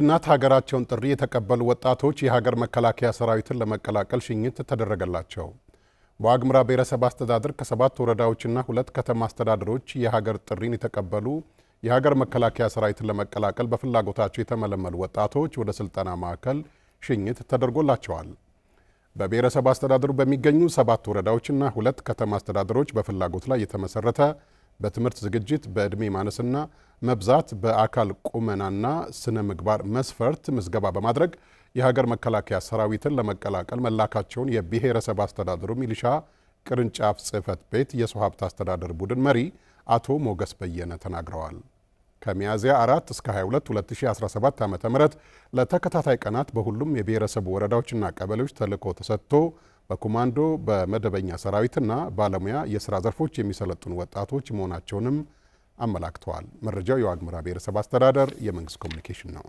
እናት ሀገራቸውን ጥሪ የተቀበሉ ወጣቶች የሀገር መከላከያ ሰራዊትን ለመቀላቀል ሽኝት ተደረገላቸው። በዋግምራ ብሔረሰብ አስተዳደር ከሰባት ወረዳዎችና ሁለት ከተማ አስተዳደሮች የሀገር ጥሪን የተቀበሉ የሀገር መከላከያ ሰራዊትን ለመቀላቀል በፍላጎታቸው የተመለመሉ ወጣቶች ወደ ስልጠና ማዕከል ሽኝት ተደርጎላቸዋል። በብሔረሰብ አስተዳደሩ በሚገኙ ሰባት ወረዳዎችና ሁለት ከተማ አስተዳደሮች በፍላጎት ላይ የተመሰረተ በትምህርት ዝግጅት፣ በእድሜ ማነስና መብዛት፣ በአካል ቁመናና ስነ ምግባር መስፈርት ምዝገባ በማድረግ የሀገር መከላከያ ሰራዊትን ለመቀላቀል መላካቸውን የብሔረሰብ አስተዳደሩ ሚሊሻ ቅርንጫፍ ጽህፈት ቤት የሰው ሀብት አስተዳደር ቡድን መሪ አቶ ሞገስ በየነ ተናግረዋል። ከሚያዝያ 4 እስከ 22 2017 ዓ ም ለተከታታይ ቀናት በሁሉም የብሔረሰቡ ወረዳዎችና ቀበሌዎች ተልዕኮ ተሰጥቶ በኮማንዶ በመደበኛ ሰራዊትና ባለሙያ የስራ ዘርፎች የሚሰለጥኑ ወጣቶች መሆናቸውንም አመላክተዋል። መረጃው የዋግምራ ብሔረሰብ አስተዳደር የመንግስት ኮሚኒኬሽን ነው።